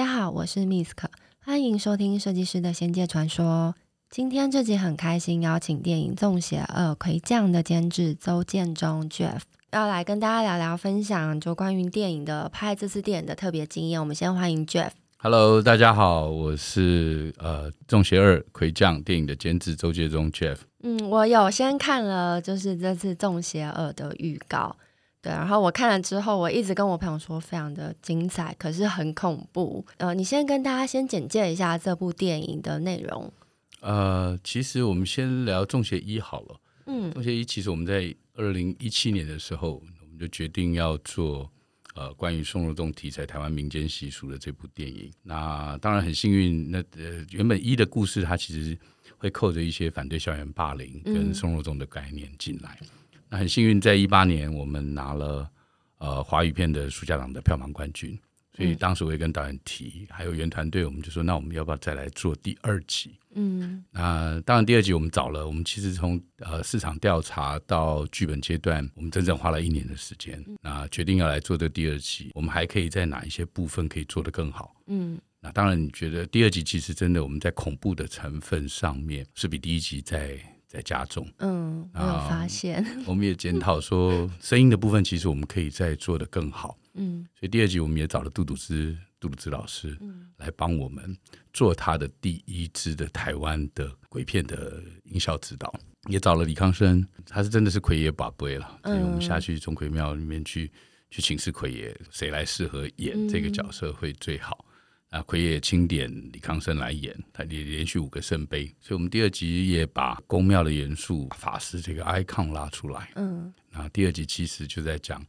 大家好，我是 Misc。歡迎收聽《設計師的仙界傳說》。今天這集很開心，邀請電影《粽邪二馗降》的監製鄒介中 Jeff 要來跟大家聊聊、分享，就關於電影的拍這次電影的特別經驗。我們先歡迎 Jeff。Hello，大家好，我是呃《粽邪二馗降》電影的監製鄒介中 Jeff。嗯，我有先看了，就是這次《粽邪二》的預告。對，然後我看了之後，我一直跟我朋友說非常的精彩，可是很恐怖。呃，你先跟大家先簡介一下這部電影的內容。呃，其實我們先聊《粽邪一》好了。嗯，《粽邪一》其實我們在二零一七年的時候，我們就決定要做呃關於送肉粽題材、台灣民間習俗的這部電影。那當然很幸運，那呃原本一的故事它其實會扣着一些反對校園霸凌跟送肉粽的概念進來。嗯那很幸運，在一八年我們拿了呃華語片的暑假檔的票房冠軍，所以當時我也跟導演提，還有原團隊，我們就說，那我們要不要再來做第二集？嗯，那當然第二集我們找了，我們其實從呃市場調查到劇本階段，我們整整花了一年的時間。那決定要來做這第二集，我們還可以在哪一些部分可以做得更好？嗯，那當然，你覺得第二集其實真的我們在恐怖的成分上面是比第一集在。在加重，嗯，然後發現，我們也檢討說，聲音的部分其實我們可以再做得更好， 嗯，所以第二集我們也找了杜篤之杜篤之老師，嗯，來幫我們做他的第一支的台灣的鬼片的音效指導，也找了李康生，他是真的是馗爺寶貝了，所以我們下去鍾馗廟裡面去去請示馗爺，誰來適合演這個角色會最好。嗯嗯啊，馗爺欽點李康生來演，他連連續五個聖杯，所以我們第二集也把宮廟的元素、法師這個 icon 拉出來。嗯，那第二集其實就在講，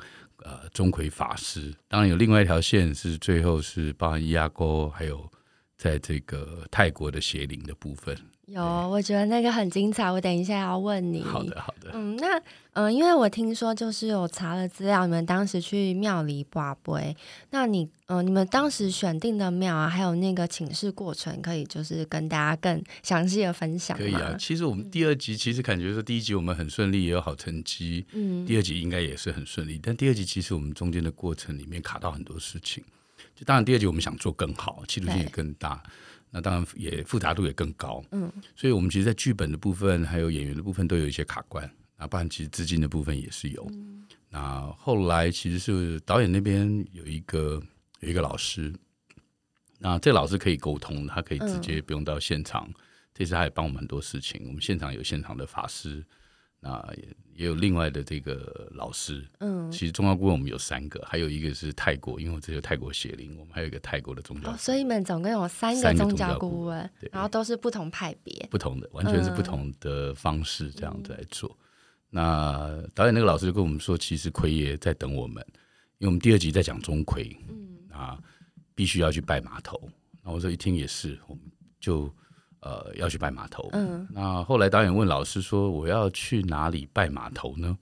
呃，鍾馗法師。當然有另外一條線是最後是包含伊阿哥，還有在這個泰國的邪靈的部分。有，對我覺得那個很精彩，我等一下要問你。好的，好的。嗯，那嗯、呃，因為我聽說就是有查了資料，你們當時去廟裡拔杯。那你嗯、呃，你們當時選定的廟啊，還有那個請示過程，可以就是跟大家更詳細的分享。可以啊，其實我們第二集其實感覺說第一集我們很順利，也有好成績。嗯。第二集應該也是很順利，但第二集其實我們中間的過程裡面卡到很多事情。就當然，第二集我們想做更好，企圖心也更大。那當然也複雜度也更高，嗯、所以我們其實，在劇本的部分還有演員的部分，都有一些卡關。那不然其實資金的部分也是有。嗯、那後來其實是導演那邊有一個有一個老師，那這老師可以溝通，他可以直接不用到現場。嗯、這次他也幫我們很多事情，我們現場有現場的法師。那也也有另外的這個老師，嗯，其實宗教顧問我們有三個，還有一個是泰國，因為我這有泰國血靈，我們還有一個泰國的宗教、哦，所以你們總共有三個宗教顧問，顧問，對，然後都是不同派別，不同的，完全是不同的方式這樣子來做。嗯、那導演那個老師就跟我們說，其實馗爺在等我們，因為我們第二集在講鍾馗，嗯啊，必須要去拜碼頭。那我說一聽也是，我們就。呃，要去拜碼頭。嗯，那後來導演問老師說：“我要去哪裡拜碼頭呢？”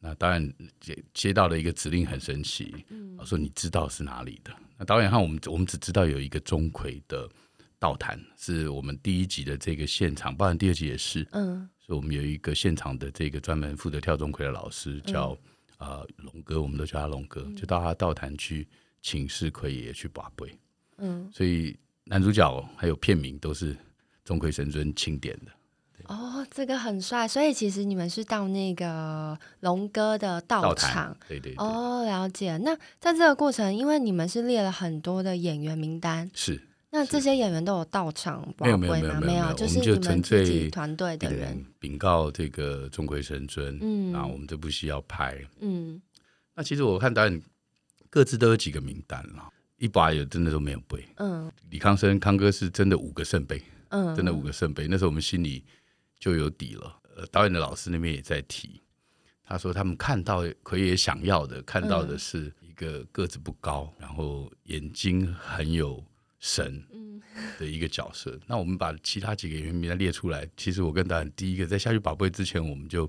那導演接接到了一個指令，很神奇。嗯，說你知道是哪裡的？那導演看我們，我們只知道有一個鍾馗的道壇，是我們第一集的這個現場，包含第二集也是。嗯，所以我們有一個現場的這個專門負責跳鍾馗的老師，叫啊、嗯呃、龍哥，我們都叫他龍哥，就到他道壇去請示馗爺，爺去拔杯。嗯，所以男主角還有片名都是。鍾馗神尊欽點的哦，這個很帥。所以其實你們是到那個龍哥的道場。對對。哦，了解。那在這個過程，因為你們是列了很多的演員名單，是。那這些演員都有到場？沒有沒有沒有沒有，我們就自己團隊的人稟告這個鍾馗神尊，嗯，啊，我們就不需要拍，嗯。那其實我看導演各自都有幾個名單了，一把也真的都沒有背，嗯。李康生康哥是真的五個聖杯。嗯，真的五個聖杯，那時候我們心裡就有底了。呃，導演的老師那邊也在提，他說他們看到可以想要的。看到的是一個個子不高，然後眼睛很有神的一個角色。嗯。那我們把其他幾個演員名單列出來，其實我跟導演第一個在下去發布會之前，我們就。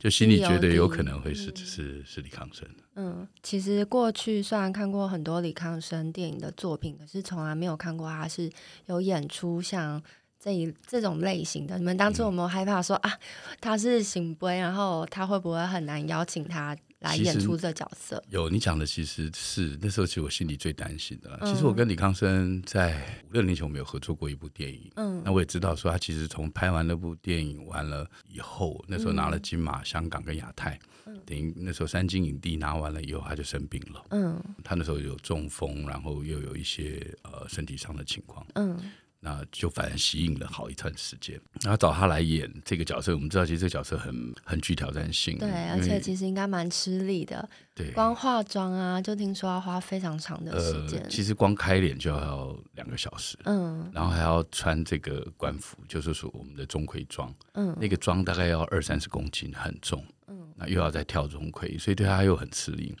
就心裡覺得有可能會是是是李康生的嗯,嗯，其實過去雖然看過很多李康生電影的作品，可是從來沒有看過他是有演出像這一這種類型的。你們當初有沒有害怕說、嗯、啊，他是邢輝，然後他會不會很難邀請他？來演出這角色，有你講的，其實是那時候其實我心裡最擔心的。嗯、其實我跟李康生在五六年前我們有合作過一部電影，嗯，那我也知道說他其實從拍完那部電影完了以後，那時候拿了金馬、嗯、香港跟亞太，嗯、等於那時候三金影帝拿完了以後，他就生病了，嗯，他那時候有中風，然後又有一些呃身體上的情況，嗯。那就反而吸引了好一段時間。那找他來演這個角色，我們知道其實這個角色很很具挑戰性。對，而且為其實應該蠻吃力的。對，光化妝啊，就聽說要花非常長的時間。呃，其實光開臉就要兩個小時。嗯，然後還要穿這個官服，就是說我們的鍾馗裝。嗯，那個裝大概要二三十公斤，很重。嗯，那又要再跳鍾馗，所以對他又很吃力。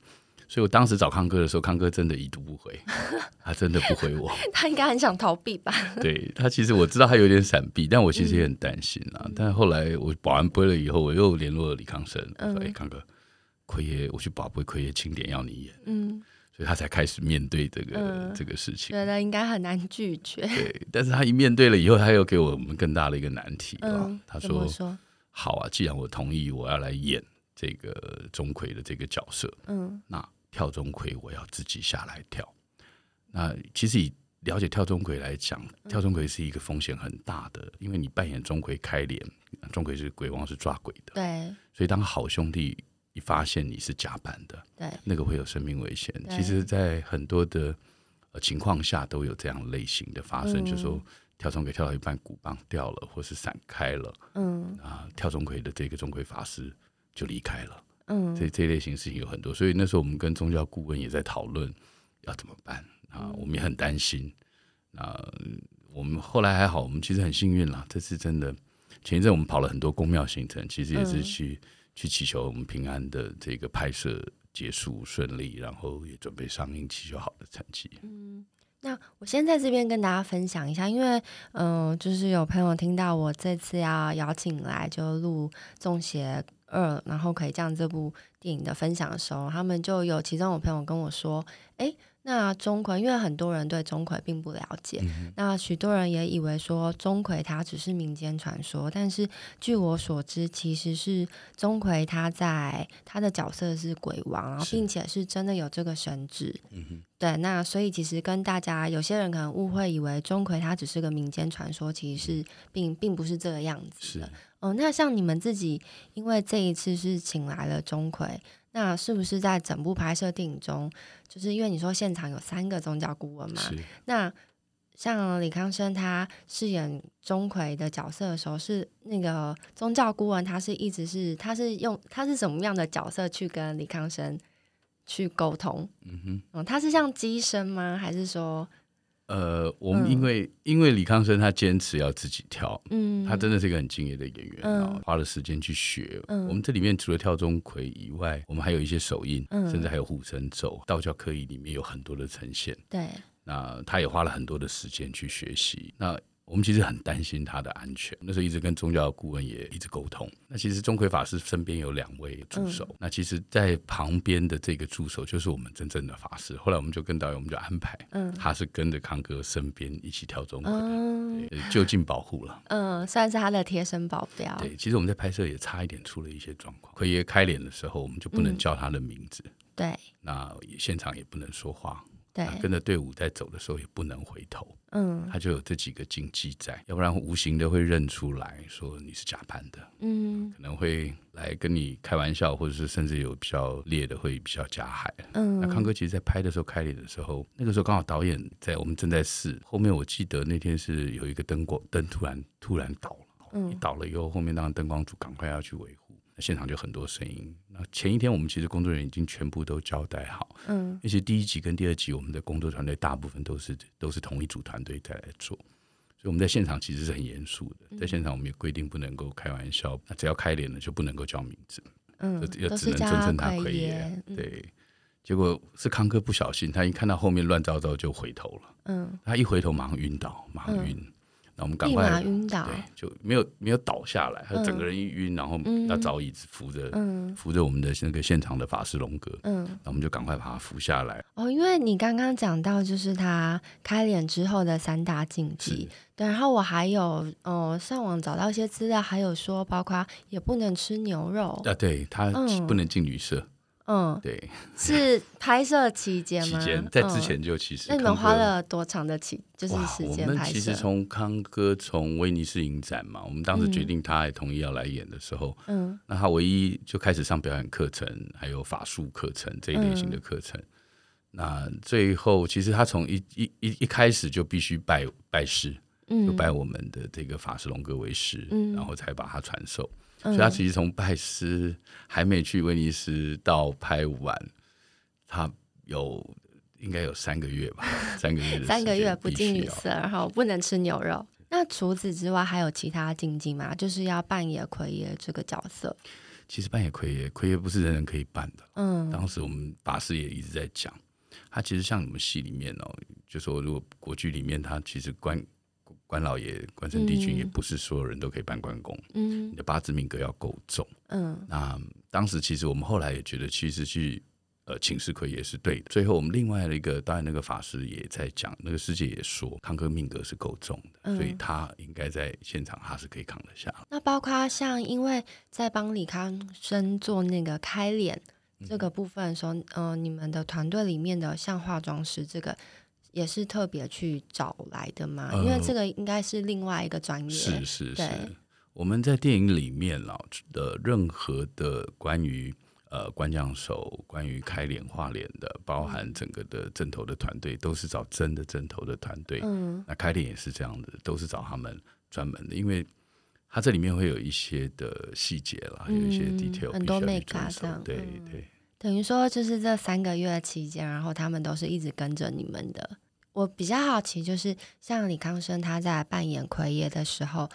所以我當時找康哥的時候，康哥真的已讀不回，他真的不回我。 他應該很想逃避吧？對，他其實我知道他有點閃避，但我其實也很擔心啊。嗯、但後來我保安背了以後，我又聯絡了李康生，我說：“哎、嗯欸，康哥，馗爺，我去把會馗爺清點，要你演。”嗯，所以他才開始面對這個、嗯、這個事情。覺得應該很難拒絕。對，但是他一面對了以後，他又給我們更大的一個難題啊。嗯、說他說：“好啊，既然我同意，我要來演這個鍾馗的這個角色。”嗯，那。跳鍾馗，我要自己下來跳。那其實以了解跳鍾馗來講，跳鍾馗是一個風險很大的，因為你扮演鍾馗開臉，鍾馗是鬼王，是抓鬼的。對。所以當好兄弟一發現你是假扮的，對，那個會有生命危險。對其實，在很多的呃情況下都有這樣類型的發生，嗯、就是說跳鍾馗跳到一半鼓棒掉了，或是閃開了，嗯啊，跳鍾馗的這個鍾馗法師就離開了。嗯，這這類型事情有很多，所以那時候我們跟宗教顧問也在討論要怎麼辦啊，我們也很擔心。那我們後來還好，我們其實很幸運啦，這次真的。前一陣我們跑了很多宮廟行程，其實也是去、嗯、去祈求我們平安的這個拍攝結束順利，然後也準備上映祈求好的成績。嗯，那我先在這邊跟大家分享一下，因為嗯、呃，就是有朋友聽到我這次要邀請來就錄粽邪二，然後可以這樣，這部電影的分享的時候，他們就有其中我朋友跟我說，誒、欸。那鍾馗，因為很多人對鍾馗並不了解，嗯、哼那許多人也以為說鍾馗他只是民間傳說，但是據我所知，其實是鍾馗他在他的角色是鬼王、啊，然後是並且是真的有這個神志、嗯、哼對，那所以其實跟大家有些人可能誤會以為鍾馗他只是個民間傳說，其實是並並不是這個樣子的。的哦是、呃，那像你們自己，因為這一次是請來了鍾馗。那是不是在整部拍攝電影中，就是因為你說現場有三個宗教顧問嘛？是那像李康生他飾演鍾馗的角色的時候，是那個宗教顧問，他是一直是他是用他是什麼樣的角色去跟李康生去溝通？嗯哼嗯，他是像乩身嗎？還是說？呃，我們因為、嗯、因為李康生他堅持要自己跳，嗯，他真的是一個很敬業的演員哦，嗯、花了時間去學。嗯、我們這裡面除了跳鍾馗以外，我們還有一些手印，嗯、甚至還有護身咒，道教科儀裡面有很多的呈現。對，那他也花了很多的時間去學習。那我們其實很擔心他的安全，那時候一直跟宗教的顧問也一直溝通。那其實鍾馗法師身邊有兩位助手，嗯、那其實，在旁邊的這個助手就是我們真正的法師。後來我們就跟導演，我們就安排，他是跟着康哥身邊一起跳鍾馗，嗯嗯，就近保護了。嗯，算是他的貼身保鏢。對，其實我們在拍攝也差一點出了一些狀況。馗爺開臉的時候，我們就不能叫他的名字。嗯、對，那現場也不能說話。對、啊，跟着隊伍在走的時候也不能回頭。嗯，他就有這幾個禁忌在，要不然無形的會認出來說你是假扮的。嗯，可能會來跟你開玩笑，或者是甚至有比較烈的會比較加害。嗯，那康哥其實，在拍的時候開臉的時候，那個時候剛好導演在，我們正在試。後面我記得那天是有一個燈光燈突然突然倒了，嗯、倒了以後，後面當然燈光組趕快要去圍。現場就很多聲音。那前一天，我們其實工作人員已經全部都交代好。嗯，而且第一集跟第二集，我們的工作團隊大部分都是都是同一組團隊在做，所以我們在現場其實是很嚴肅的。嗯，在現場我們也規定不能夠開玩笑。那只要開臉了就不能夠叫名字。嗯，也只能尊稱他可以。對，結果是康哥不小心，他一看到後面亂糟糟就回頭了。嗯，他一回頭馬上暈倒，馬上暈。嗯。我們趕快，暈倒，對，就沒有沒有倒下來，他整個人一暈，嗯、然後要找椅子扶着，嗯、扶着我們的那個現場的法師龍哥，那、嗯、我們就趕快把他扶下來。哦，因為你剛剛講到就是他開臉之後的三大禁忌，是對，然後我還有哦、呃，上網找到一些資料，還有說包括也不能吃牛肉啊，對，他不能進旅社。嗯嗯，對，是拍攝期間嗎？期間在之前就其實、嗯。那你們花了多長的期就是時間拍攝？哇，我們其實從康哥從威尼斯影展嘛，我們當時決定他也同意要來演的時候，嗯，那他唯一就開始上表演課程，還有法術課程這一類型的課程。嗯、那最後其實他從一一一一開始就必須拜拜師，嗯，就拜我們的這個法師龍哥為師，嗯，然後才把他傳授。所以他其實從拜師還沒去威尼斯到拍完，嗯、他有應該有三個月吧，三個月三個月不近女色，然後不能吃牛肉。是那除此之外還有其他禁忌嗎？就是要扮演馗爺這個角色。其實扮演馗爺，馗爺不是人人可以扮的。嗯，當時我們大師也一直在講，他其實像你們戲裡面哦，就說如果國劇裡面他其實關。關老爺、關聖帝君也不是所有人都可以扮關公，嗯嗯、你的八字命格要夠重。嗯，那當時其實我們後來也覺得，其實去呃請示可以也是對的。最後我們另外的一個，當然那個法師也在講，那個師姐也說，康哥命格是夠重的，嗯、所以他應該在現場他是可以扛得下。嗯、那包括像因為在幫李康生做那個開臉這個部分說、嗯、呃你們的團隊裡面的像化妝師這個。也是特別去找來的嘛，因為這個應該是另外一個專業，呃。是是是。對我們在電影裡面啊的任何的關於呃官將首、關於開臉畫臉的，包含整個的陣頭的團隊，嗯、都是找真的陣頭的團隊。嗯。那開臉也是這樣的，都是找他們專門的，因為他這裡面會有一些的細節啦，嗯、有一些 detail 必須要加上，很多 make up 啊。對對。等於說，就是這三個月期間，然後他們都是一直跟着你們的。我比較好奇，就是像李康生他在扮演馗爺的時候，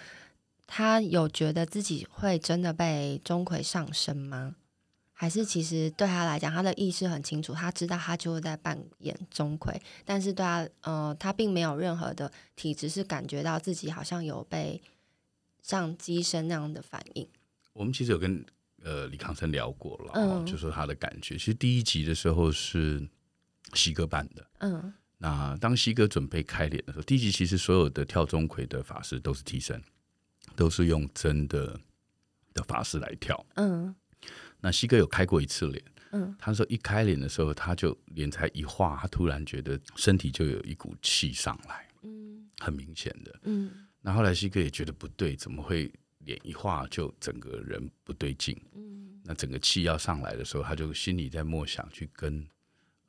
他有覺得自己會真的被鐘馗上身嗎？還是其實對他來講，他的意識很清楚，他知道他就是在扮演鐘馗，但是對他，呃，他並沒有任何的體質是感覺到自己好像有被像乩身那樣的反應。我們其實有跟。呃，李康生聊過了，嗯哦、就說、是、他的感覺。其實第一集的時候是西哥扮的，嗯，那當西哥準備開臉的時候，第一集其實所有的跳鍾馗的法師都是替身，都是用真的的法師來跳，嗯，那西哥有開過一次臉，嗯，他說一開臉的時候，他就臉才一化，他突然覺得身體就有一股氣上來，嗯，很明顯的，嗯，那後來西哥也覺得不對，怎麼會？臉一畫就整個人不對勁，嗯，那整個氣要上來的時候，他就心裡在默想去跟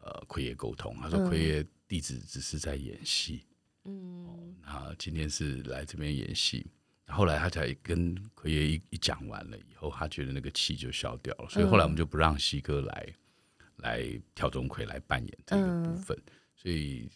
呃馗爺溝通，他說馗爺，弟子只是在演戲，嗯，哦，那今天是來這邊演戲。後來他才跟馗爺一一講完了以後，他覺得那個氣就消掉了，所以後來我們就不讓西哥來、嗯、來跳鍾馗來扮演這個部分，嗯、所以。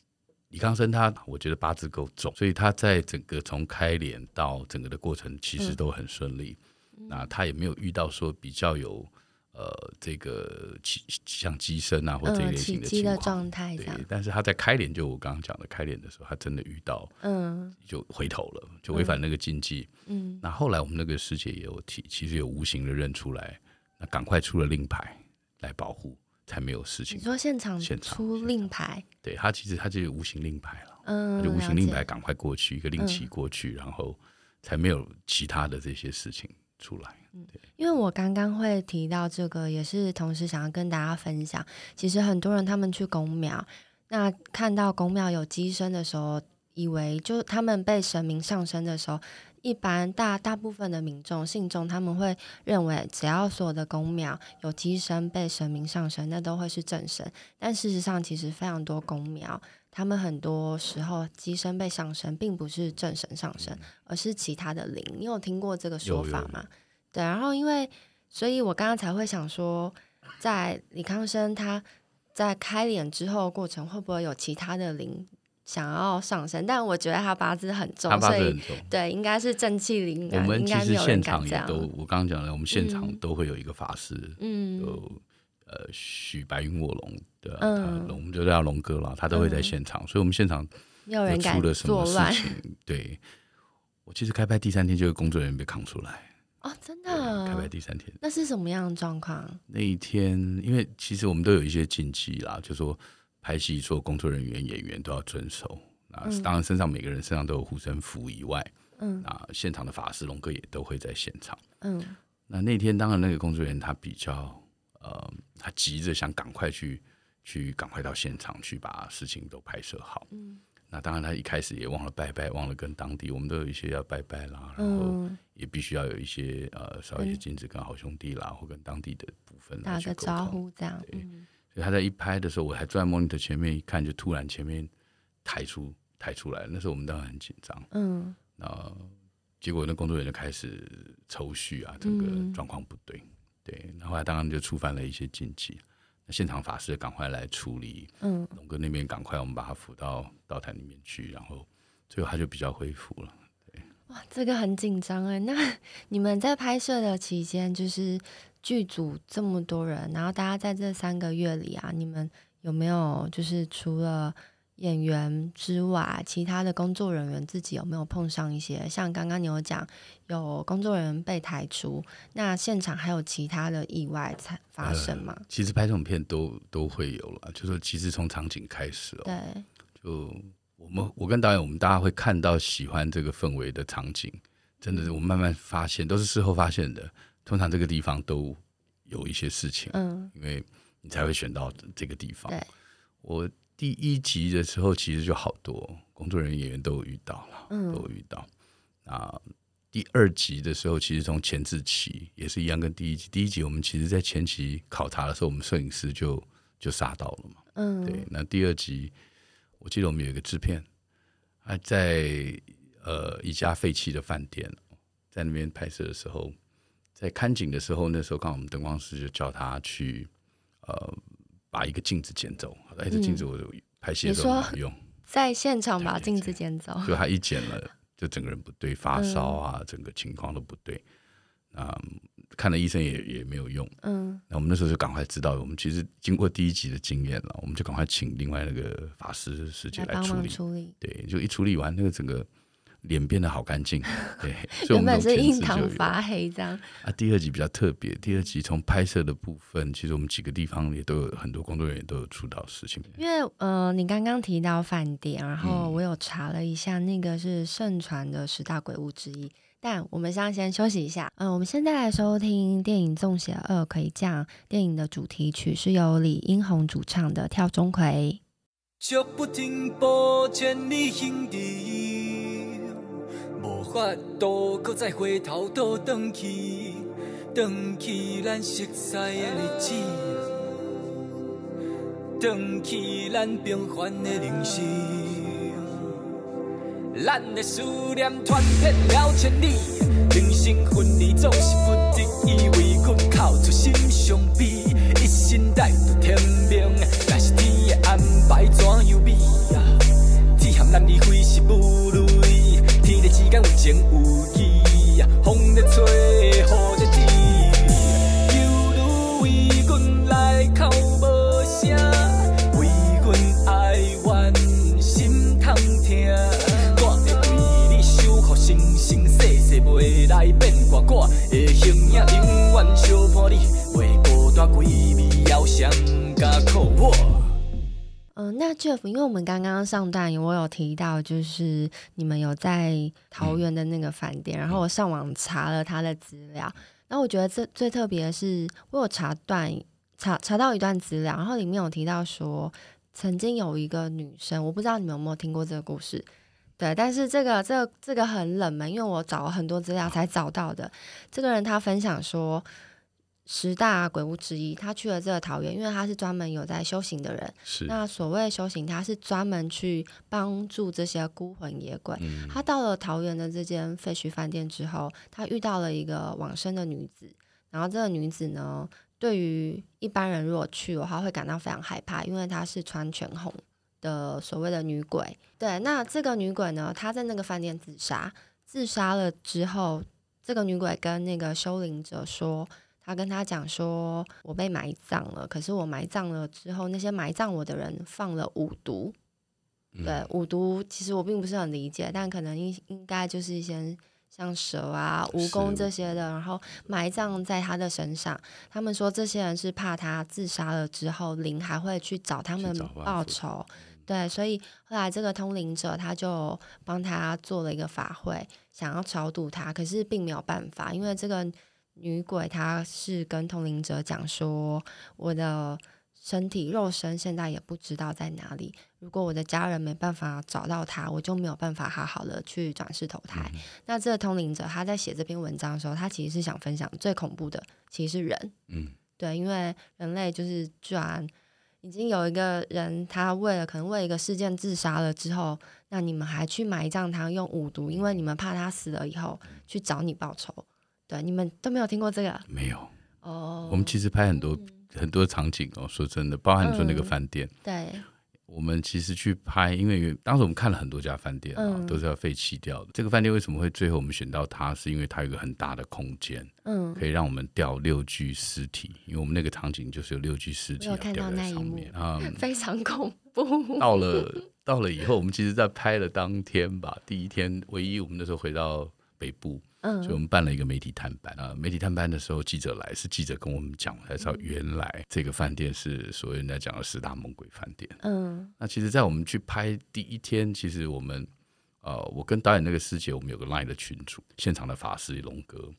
李康生他，我覺得八字夠重，所以他在整個從開臉到整個的過程，其實都很順利。嗯、那他也沒有遇到說比較有呃這個像乩身啊或這一類型的情況。的。對，但是他在開臉，就我剛剛講的開臉的時候，他真的遇到，嗯，就回頭了，嗯、就違反那個禁忌、嗯。嗯，那後來我們那個師姐也有提，其實有無形的認出來，那趕快出了令牌來保護。才沒有事情。你說現場出令牌，對他其實他就有無形令牌了。嗯，他就無形令牌趕快過去，一個令旗過去，嗯、然後才沒有其他的這些事情出來。嗯，對，因為我剛剛會提到這個，也是同時想要跟大家分享，其實很多人他們去宮廟，那看到宮廟有乩身的時候，以為就他們被神明上身的時候。一般大大部分的民眾信眾，他們會認為只要所有的宮廟有乩身被神明上身，那都會是正神。但事實上，其實非常多宮廟，他們很多時候乩身被上身，並不是正神上身，而是其他的靈。你有聽過這個說法嗎？對，然後因為，所以我剛剛才會想說，在李康生他在開臉之後的過程，會不會有其他的靈？想要上身，但我覺得他八字很重，他八字很重，對，應該是正氣凜然、啊。我們其實現場也都，我剛剛講了，我們現場都會有一個法師，嗯，有呃許白雲臥龍的，我們、啊嗯、就叫龍哥啦，他都會在現場，嗯、所以我們現場有人出了什麼事情？對，我其實開拍第三天就有工作人員被扛出來，哦，真的、哦，開拍第三天，那是什麼樣的狀況？那一天，因為其實我們都有一些禁忌啦，就是、說，拍戲，所有工作人員、演員都要遵守。嗯、那當然，身上每個人身上都有護身符以外，嗯,那現場的法師龍哥也都會在現場。嗯,那那天當然那個工作人員他比較、呃、他急着想趕快去去趕快到現場去把事情都拍攝好。嗯、那當然他一開始也忘了拜拜，忘了跟當地，我們都有一些要拜拜啦，然後也必須要有一些呃，燒一些金子跟好兄弟啦，嗯、或跟當地的部分打個招呼這樣。對嗯所以他在一拍的時候，我還坐在 monitor 前面一看，就突然前面抬出抬出來了，那時候我們當然很緊張。嗯，然後結果那工作人員就開始抽緒搐啊，這個狀況不對，嗯、對。然後他當然就觸犯了一些禁忌，那現場法師趕快來處理。嗯，龍哥那邊趕快，我們把他扶到道壇裡面去。然後最後他就比較恢復了。對，哇，這個很緊張哎。那你們在拍攝的期間就是。劇組這麼多人，然後大家在這三個月裡啊，你們有沒有就是除了演員之外，其他的工作人員自己有沒有碰上一些？像剛剛你有講，有工作人員被抬出，那現場還有其他的意外才發生嗎？呃，其實拍這種片都都會有了，就是說其實從場景開始喔，對，就我們我跟導演，我們大家會看到喜歡這個氛圍的場景，真的是我慢慢發現，都是事後發現的。通常這個地方都有一些事情，嗯，因為你才會選到這個地方。對，我第一集的時候其實就好多工作人員都有遇到了，嗯，都有遇到。那第二集的時候，其實從前置期也是一樣，跟第一集。第一集我們其實在前期考察的時候，我們攝影師就就殺到了嘛，嗯，對。那第二集，我記得我們有一個製片啊，他在呃一家廢棄的飯店，在那邊拍攝的時候。在看景的時候，那時候剛好我們燈光師就叫他去，呃，把一個鏡子撿走。哎、嗯欸，這鏡子我拍戲的時候有用，在現場把鏡子撿走。對走就他一撿了，就整個人不對，發燒啊，嗯、整個情況都不對。那、嗯、看了醫生也也沒有用。嗯，那我們那時候就趕快知道，我們其實經過第一集的經驗了，我們就趕快請另外那個法師師姐來處理。處理對，就一處理完，那個整個。臉變得好乾淨，原本是印堂發黑這樣。 啊，第二集比較特別，第二集從拍攝的部分，其實我們幾個地方也都有很多工作人員都有出到事情。因為嗯、呃，你剛剛提到飯店，然後我有查了一下，那個是盛傳的十大鬼屋之一。嗯、但我們先先休息一下，嗯、呃，我們現在來收聽電影《粽邪二馗降》可以，電影的主題曲是由李英宏主唱的《跳鍾馗》。無法度，擱再回頭倒轉去，轉去咱熟悉的日子啊，轉去咱平凡的人生。咱的思念傳遍了千里，人生分離總是不得已，為君哭出心傷悲，一心待到天命。若是天的安排怎樣美啊？只恨咱離開是無奈。之間有情有義，風在吹，雨在滴，猶如為君來哭無聲，為阮哀怨心痛疼。我佇為你守護，生生世世袂來變卦，我的形影永遠相伴你，袂孤單，鬼魅妖相。那這，e 因為我們剛剛上段我有提到，就是你們有在桃園的那個飯店，嗯、然後我上網查了他的資料。那、嗯、我覺得這最特別的是，我有查段查查到一段資料，然後裡面有提到說，曾經有一個女生，我不知道你們有沒有聽過這個故事。對，但是這個這個這個很冷門，因為我找了很多資料才找到的。這個人他分享說。十大鬼屋之一，他去了這個桃園，因為他是專門有在修行的人。是那所謂修行，他是專門去幫助這些孤魂野鬼。嗯。他到了桃園的這間廢墟飯店之後，他遇到了一個往生的女子。然後這個女子呢，對於一般人如果去的話，會感到非常害怕，因為她是穿全紅的所謂的女鬼。對。那這個女鬼呢，她在那個飯店自殺。自殺了之後，這個女鬼跟那個修靈者說。他跟他講說，我被埋葬了，可是我埋葬了之後，那些埋葬我的人放了五毒。對，嗯，五毒其實我並不是很理解，但可能應應該就是一些像蛇啊、蜈蚣這些的，是然後埋葬在他的身上。他們說這些人是怕他自殺了之後，靈還會去找他們報仇。對，所以後來這個通靈者他就幫他做了一個法會，想要超度他，可是並沒有辦法，因為這個。女鬼，她是跟通靈者講說，我的身體肉身現在也不知道在哪裡。如果我的家人沒辦法找到她，我就沒有辦法好好的去轉世投胎。嗯、那這個通靈者他在寫這篇文章的時候，他其實是想分享最恐怖的，其實是人。嗯，對，因為人類就是居然已經有一個人，他為了可能為一個事件自殺了之後，那你們還去埋葬他，用五毒，因為你們怕他死了以後去找你報仇。對，你們都沒有聽過這個？沒有。哦，我們其實拍很多、嗯、很多場景哦。說真的，包含你說那個飯店。嗯、對。我們其實去拍，因為，因為當時我們看了很多家飯店啊、哦，嗯、都是要廢棄掉的。這個飯店為什麼會最後我們選到它？是因為它有一個很大的空間，嗯，可以讓我們吊六具屍體。因為我們那個場景就是有六具屍體吊、啊、在上面啊，嗯、非常恐怖。 到了到了以後，我們其實，在拍的當天吧，第一天唯一我們那時候回到北部，所以我們辦了一個媒體探班啊。媒體探班的時候，記者來，是記者跟我們講，才知道原來這個飯店是所謂人家講的十大猛鬼飯店。嗯，那其實，在我們去拍第一天，其實我們，呃，我跟導演那個師姐，我們有個 Line 的群組，現場的法師龍哥，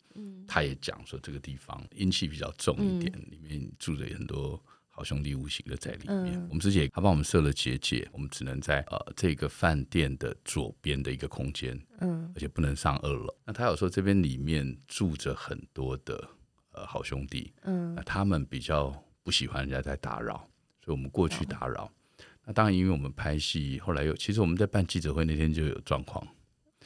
他也講說這個地方陰氣比較重一點，嗯、裡面住着很多。好兄弟無形的在裡面。嗯、我們之前他幫我們設了結界，我們只能在呃這個飯店的左邊的一個空間，嗯，而且不能上二樓。那他有說這邊裡面住着很多的呃好兄弟，嗯，那他們比較不喜歡人家在打擾，所以我們過去打擾。哦、那當然，因為我們拍戲，後來又其實我們在辦記者會那天就有狀況。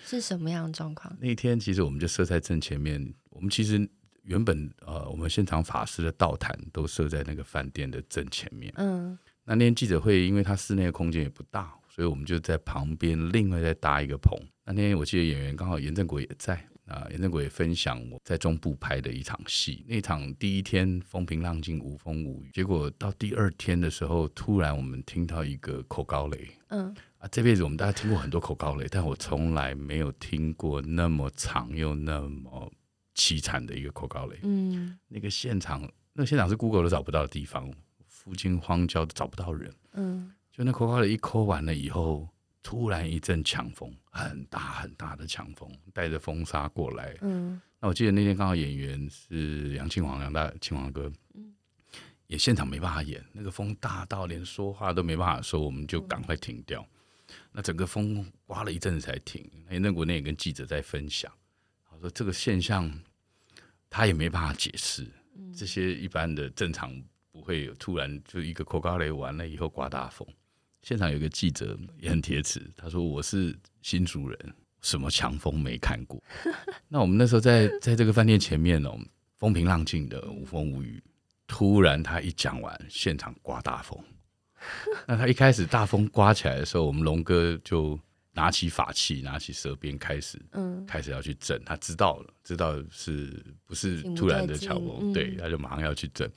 是什麼樣的狀況？那天其實我們就設在正前面，我們其實。原本呃，我們現場法師的道壇都設在那個飯店的正前面。嗯，那天記者會，因為他室內的空間也不大，所以我們就在旁邊另外再搭一個棚。那天我記得演員剛好嚴正國也在啊、呃，嚴正國也分享我在中部拍的一場戲。那一場第一天風平浪靜，無風無雨，結果到第二天的時候，突然我們聽到一個口高雷。嗯啊，這輩子我們大家聽過很多口高雷，但我從來沒有聽過那麼長又那麼。淒慘的一個摳高雷，嗯，那個現場，那個、現場是 Google 都找不到的地方，附近荒郊都找不到人，嗯，就那摳高雷一摳完了以後，突然一陣強風，很大很大的強風，帶着風沙過來，嗯，那我記得那天剛好演員是楊慶煌，楊大慶煌哥，嗯，也現場沒辦法演，那個風大到連說話都沒辦法說，我們就趕快停掉，嗯、那整個風颳了一陣子才停，那國內也跟記者在分享。他說：“這個現象，他也沒辦法解釋。這些一般的正常不會有，突然就一個口高雷完了以後颳大風。現場有一個記者也很鐵齒，他說：‘我是新竹人，什麼強風沒看過。’那我們那時候在在這個飯店前面哦，風平浪靜的，無風無雨。突然他一講完，現場颳大風。那他一開始大風颳起來的時候，我們龍哥就。”拿起法器，拿起蛇鞭，開始，嗯，開始要去震他，知道了，知道是不是突然的強風，嗯、對，他就馬上要去震。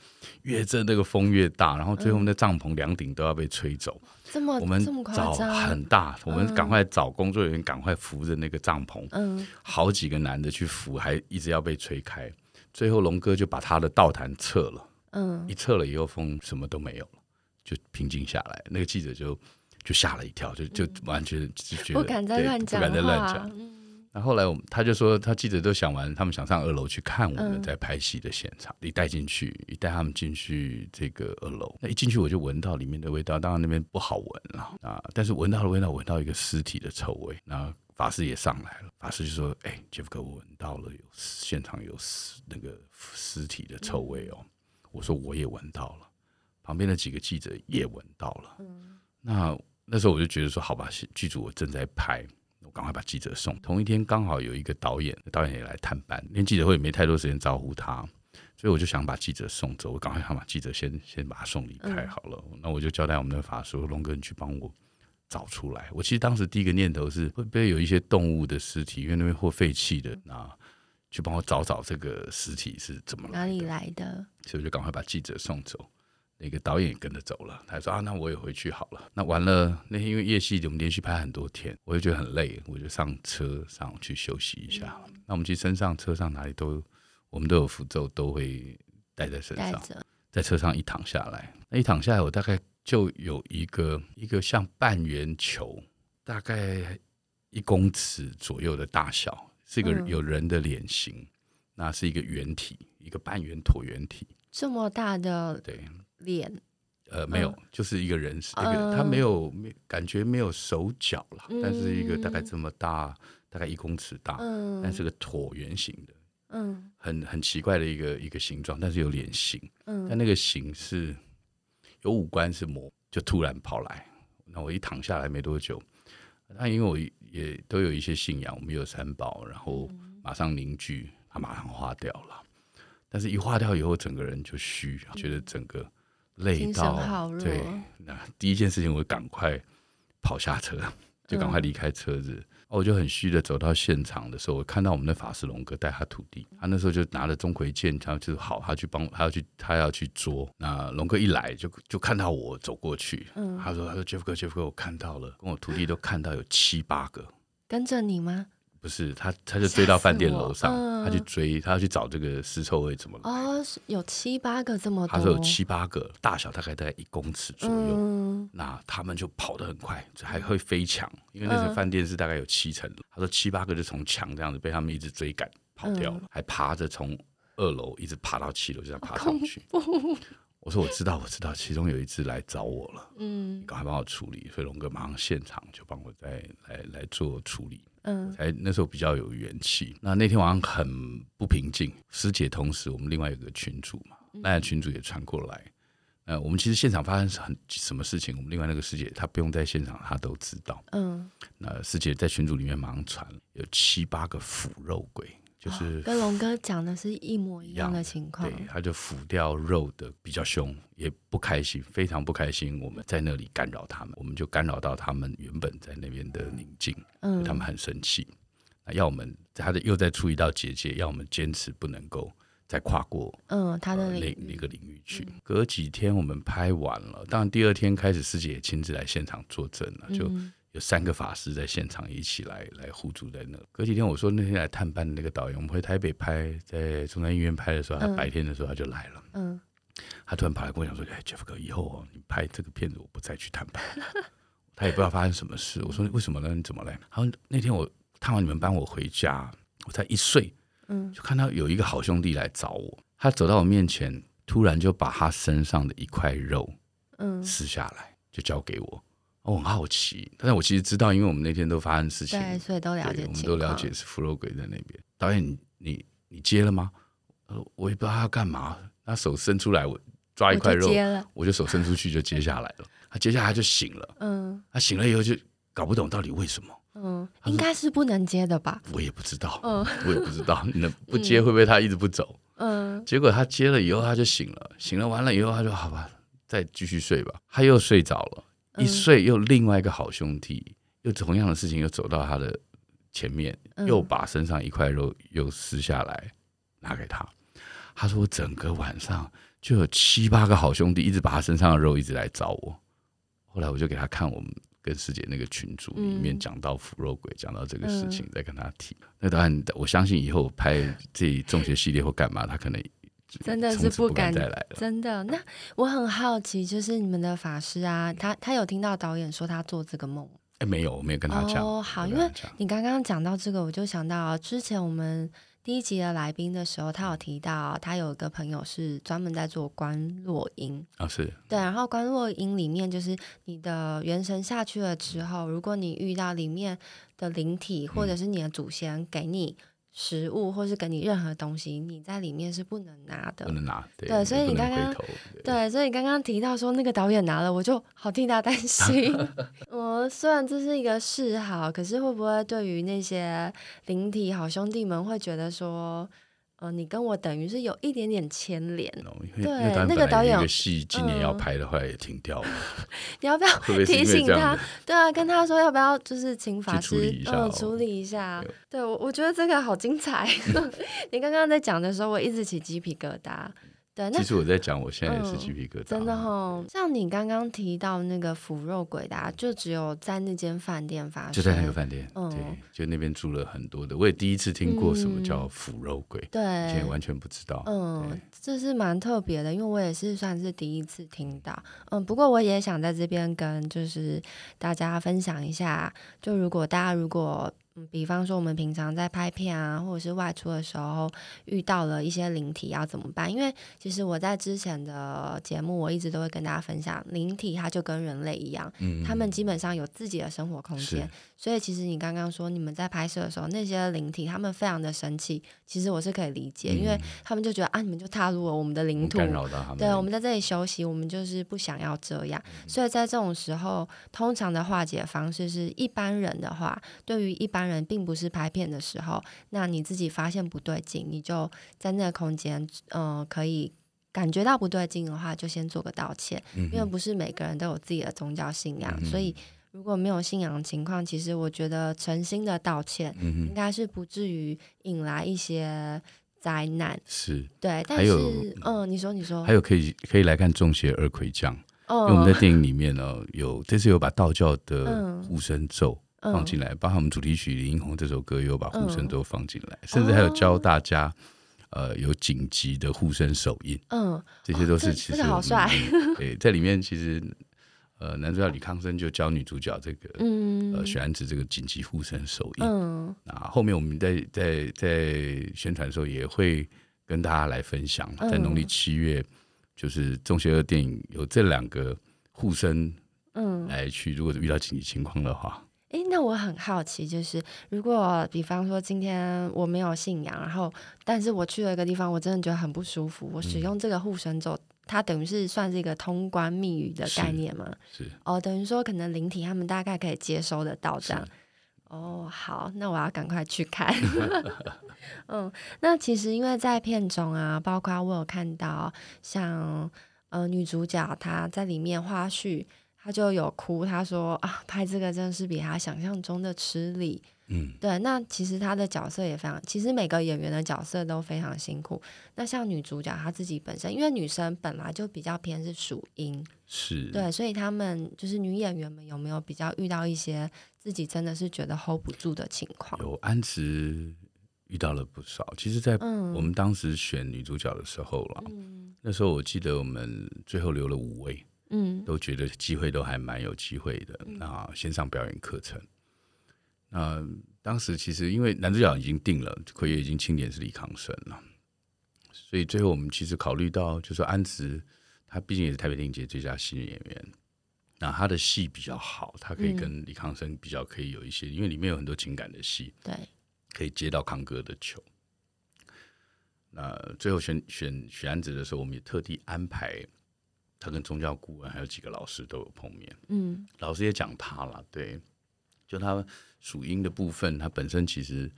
越震，那個風越大，然後最後那帳篷兩頂都要被吹走，這麼、嗯、我們找很大，我們趕快找工作人員，趕、嗯、快扶着那個帳篷，嗯，好幾個男的去扶，還一直要被吹開，最後龍哥就把他的道壇撤了，嗯，一撤了以後風什麼都沒有了，就平靜下來，那個記者就。就嚇了一跳，就就完全就覺得不敢再亂講了。那、嗯、後來我他就說，他記者都想完，他們想上二樓去看我們在拍戲的現場。嗯、一帶進去，一帶他們進去這個二樓，那一進去我就聞到裡面的味道，當然那邊不好聞了啊，啊！但是聞到的味道，聞到一個屍體的臭味。然後法師也上來了，法師就說：“哎，傑夫哥，我聞到了有現場有屍那個屍體的臭味哦。嗯”我說：“我也聞到了。”旁邊的幾個記者也聞到了。嗯、那那時候我就覺得說，好吧，劇組我正在拍，我趕快把記者送。同一天剛好有一個導演，導演也來探班，連記者會也沒太多時間招呼他，所以我就想把記者送走。我趕快想把記者先先把他送離開好了。嗯、那我就交代我們的法師，龍哥，你去幫我找出來。我其實當時第一個念頭是，會不會有一些動物的屍體，因為那邊會廢棄的，那去幫我找找這個屍體是怎麼來的哪裡來的？所以我就趕快把記者送走。那個導演也跟着走了，他說啊，那我也回去好了。那完了，那天因為夜戲，我們連續拍很多天，我就覺得很累，我就上車上去休息一下。嗯、那我們其實身上、車上哪裡都，我們都有符咒，都會帶在身上。著。在車上一躺下來，那一躺下來，我大概就有一個一個像半圓球，大概一公尺左右的大小，是一個有人的臉型，嗯、那是一個圓體，一個半圓橢圓體。這麼大的對。臉，呃，沒有，嗯、就是一個人，嗯、一個人他沒有沒感覺，沒有手腳了，嗯、但是一個大概這麼大，大概一公尺大，嗯，但是個橢圓形的，嗯，很很奇怪的一個一個形狀，但是有臉型，嗯，但那個形是有五官是魔，是魔就突然跑來。那我一躺下來沒多久，那因為我也都有一些信仰，我們有三寶，然後馬上凝聚，他、啊、馬上化掉了，但是一化掉以後，整個人就虛，嗯、覺得整個。累到好對。那第一件事情我趕快跑下車，就趕快離開車子。哦、嗯，我就很虛的走到現場的時候，我看到我們的法師龍哥帶他徒弟，他那時候就拿了鍾馗劍，他就好，他去幫，他要去，他要去捉。那龍哥一來就就看到我走過去，嗯，他說：“他說 Jeff 哥，Jeff 哥，我看到了，跟我徒弟都看到有七八個跟着你嗎？”不是他，他就追到飯店樓上，嗯、他去追，他要去找這個屍臭味怎麼了？哦，有七八個這麼多。他說有七八個，大小大概在大概一公尺左右。嗯、那他們就跑得很快，就還會飛牆，因為那個飯店是大概有七層。嗯、他說七八個就從牆這樣子被他們一直追趕跑掉了，嗯、還爬着從二樓一直爬到七樓，這樣爬上去。恐怖。我說我知道，我知道，其中有一只來找我了，嗯，趕快幫我處理。所以龍哥馬上現場就幫我再來來做處理。嗯，哎，那時候比較有元氣。那那天晚上很不平靜，師姐，同時我們另外有個群組嘛，嗯，那群組也傳過來。呃，我們其實現場發生是很什麼事情，我們另外那個師姐她不用在現場，她都知道。嗯，那師姐在群組裡面馬上傳有七八個腐肉鬼。就是跟龍哥講的是一模一樣的情況，對，他就腐掉肉的比較凶，也不開心，非常不開心。我們在那裡干擾他們，我們就干擾到他們原本在那邊的寧靜，嗯，他們很生氣。要我們，他的又再出一道結界，要我們堅持不能夠再跨過，嗯，他的另一、呃那個領域去。嗯、隔幾天我們拍完了，當然第二天開始師姐也親自來現場作證了，就。嗯有三個法師在現場一起來來互助在那。隔幾天我說那天來探班的那個導演，我們回台北拍，在中山醫院拍的時候，嗯、白天的時候他就來了，嗯，他突然跑來跟我講說：“哎，Jeff 哥，以後哦、啊，你拍這個片子我不再去探班。” 他也不知道發生什麼事，我說：“為什麼呢？你怎麼來？”他說：“那天我探完你們班，我回家，我才一睡，嗯，就看到有一個好兄弟來找我，他走到我面前，突然就把他身上的一塊肉，嗯，撕下來就交給我。”我很好奇，但我其實知道，因為我們那天都發生事情，對，所以都了解，我們都了解是腐肉鬼在那邊。導演，你你接了嗎？我也不知道他要幹嘛，他手伸出來，我抓一塊肉，我就接了，我就手伸出去就接下來了。他接下來就醒了，嗯，他醒了以後就搞不懂到底為什麼，嗯，應該是不能接的吧？我也不知道，嗯，我也不知道，那不接，嗯、會不會他一直不走？嗯，結果他接了以後他就醒了，醒了完了以後他就好吧，再繼續睡吧，他又睡着了。一睡又另外一個好兄弟，又同樣的事情又走到他的前面，又把身上一塊肉又撕下來拿給他。他說我整個晚上就有七八個好兄弟一直把他身上的肉一直來找我。後來我就給他看我們跟師姐那個群組裡面講到腐肉鬼，講、嗯、到這個事情，再跟他提。嗯、那當然我相信以後拍這粽邪系列或幹嘛，他可能。真的是不敢，不敢再來了，真的。那我很好奇，就是你們的法師啊，他他有聽到導演說他做這個夢？誒，沒有，我沒有跟他講。哦，好，因為你剛剛講到這個，我就想到之前我們第一集的來賓的時候，他有提到他有一個朋友是專門在做觀落陰啊、哦，是對。然後觀落陰裡面就是你的元神下去了之後，如果你遇到裡面的靈體，或者是你的祖先給你。嗯食物，或是給你任何東西，你在裡面是不能拿的。不能拿，對。對對，所以你剛剛，對，所以你剛剛提到說那個導演拿了，我就好替他擔心。 我雖然這是一個嗜好，可是會不會對於那些靈體好兄弟們會覺得說？呃、哦，你跟我等於是有一點點牽連。為對，那個導演，那個戲今年要拍的話也停掉了。嗯、呵呵，你要不要提醒他？對啊，跟他說，要不要就是請法師幫我處、嗯、處理一下。對，對，我我覺得這個好精彩。 你剛剛在講的時候，我一直起雞皮疙瘩。其實我在講，我現在也是雞皮疙瘩。真的哈、哦，像你剛剛提到那個腐肉鬼的、啊，就只有在那間飯店發生，就在那個飯店。嗯、對，就那邊住了很多的，我也第一次聽過什麼叫腐肉鬼，對、嗯，以前完全不知道。嗯，對這是蠻特別的，因為我也是算是第一次聽到。嗯，不過我也想在這邊跟就是大家分享一下，就如果大家如果。比方說我們平常在拍片啊，或者是外出的時候遇到了一些靈體，要怎麼辦？因為其實我在之前的節目，我一直都會跟大家分享，靈體它就跟人類一樣，嗯嗯、他們基本上有自己的生活空間。所以其實你剛剛說你們在拍攝的時候，那些靈體他們非常的生氣，其實我是可以理解，嗯、因為他們就覺得啊，你們就踏入了我們的領土，對，我們在這裡休息，我們就是不想要這樣。所以在這種時候，通常的化解方式是一般人的話，對於一般人並不是拍片的時候，那你自己發現不對勁，你就在那個空間，嗯、呃，可以感覺到不對勁的話，就先做個道歉，嗯、哼因為不是每個人都有自己的宗教信仰，嗯、哼所以。如果沒有信仰情況，其實我覺得誠心的道歉，應該是不至於引來一些災難。是，對。但是，嗯，你說，你說。還有可以可以來看《粽邪二馗降》，因為我們在電影裡面呢，有這次有把道教的護身咒放進來，包括我們主題曲《李英宏》這首歌，有把護身咒放進來，甚至還有教大家，呃，有緊急的護身手印。嗯，這些都是其實好帥。對，在裡面其實。呃，男主角李康生就教女主角這個、嗯、呃選安子這個緊急護身手印嗯那、啊、後面我們在在在宣傳的時候也會跟大家來分享，嗯、在農曆七月就是粽邪的電影有這兩個護身，嗯，來去如果遇到緊急情況的話，哎、嗯欸，那我很好奇，就是如果比方說今天我沒有信仰，然後但是我去了一個地方，我真的覺得很不舒服，我使用這個護身咒。嗯它等於是算是一個通關密語的概念嘛？哦，等於說可能靈體他們大概可以接收得到這樣。是哦，好，那我要趕快去看。 嗯，那其實因為在片中啊，包括我有看到像呃女主角她在裡面花絮，她就有哭，她說啊，拍這個真的是比她想象中的吃力。嗯，對，那其實他的角色也非常，其實每個演員的角色都非常辛苦。那像女主角，她自己本身，因為女生本來就比較偏是屬陰，是，對，所以他們就是女演員們有沒有比較遇到一些自己真的是覺得 hold 不住的情況？有，安琪遇到了不少。其實，在我們當時選女主角的時候了，嗯，那時候我記得我們最後留了五位，嗯，都覺得機會都還蠻有機會的。嗯，那先上表演課程。那當時其實因為男主角已經定了，馗爺已經欽點是李康生了，所以最後我們其實考慮到，就是說安子他畢竟也是台北電影節最佳新人演員，那他的戲比較好，他可以跟李康生比較可以有一些，嗯、因為裡面有很多情感的戲，對，可以接到康哥的球。那最後選選選安子的時候，我們也特地安排他跟宗教顧問還有幾個老師都有碰面，嗯，老師也講他啦，對。就他屬陰的部分，他本身其實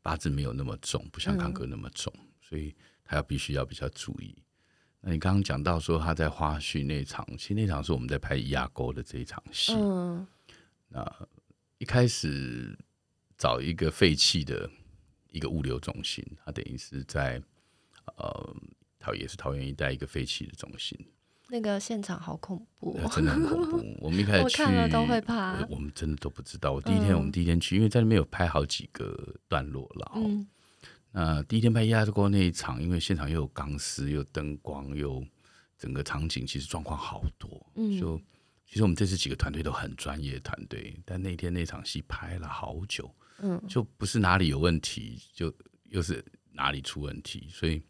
八字沒有那麼重，不像康哥那麼重，嗯、所以他要必須要比較注意。那你剛剛講到說他在花絮那場，其實那場是我們在拍亞溝的這一場戲。嗯。那一開始找一個廢棄的一個物流中心，它等於是在呃、桃也是桃園一帶一個廢棄的中心。那個現場好恐怖，啊、真的很恐怖。我們一開始去我看了都會怕、呃。我們真的都不知道。我第一天，嗯、我們第一天去，因為在那邊有拍好幾個段落了。嗯。那第一天拍壓鍋那一場，因為現場又有鋼絲，又燈光，又整個場景，其實狀況好多。嗯。就其實我們這次幾個團隊都很專業團隊，但那天那場戲拍了好久。嗯。就不是哪裡有問題，就又是哪裡出問題，所以，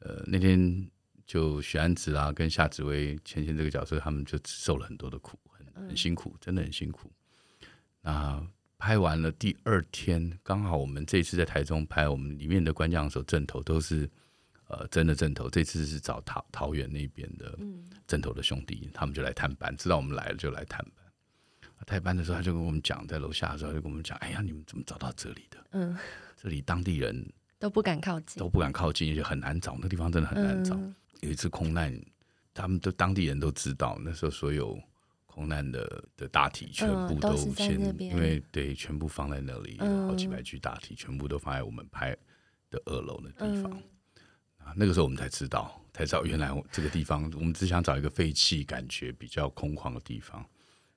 呃，那天。就許安子啊，跟夏紫薇、前錢這個角色，他們就受了很多的苦，很很辛苦，真的很辛苦。嗯、那拍完了第二天，剛好我們這次在台中拍，我們裡面的官將首陣頭都是、呃、真的陣頭，這次是找桃桃園那邊的陣頭的兄弟，嗯、他們就來探班，知道我們來了就來探班。探、啊、班的時候，他就跟我們講，在樓下的時候他就跟我們講：“哎呀，你們怎麼找到這裡的？嗯，這裡當地人都不敢靠近，都不敢靠近，而且很難找，那地方真的很難找。嗯”有一次空難，他們都當地人都知道。那時候所有空難的的大體全部都先，嗯、都因為對全部放在那裡，嗯、有好幾百具大體全部都放在我們拍的二樓的地方。嗯、那個時候我們才知道，才知道原來這個地方，我們只想找一個廢棄、感覺比較空曠的地方。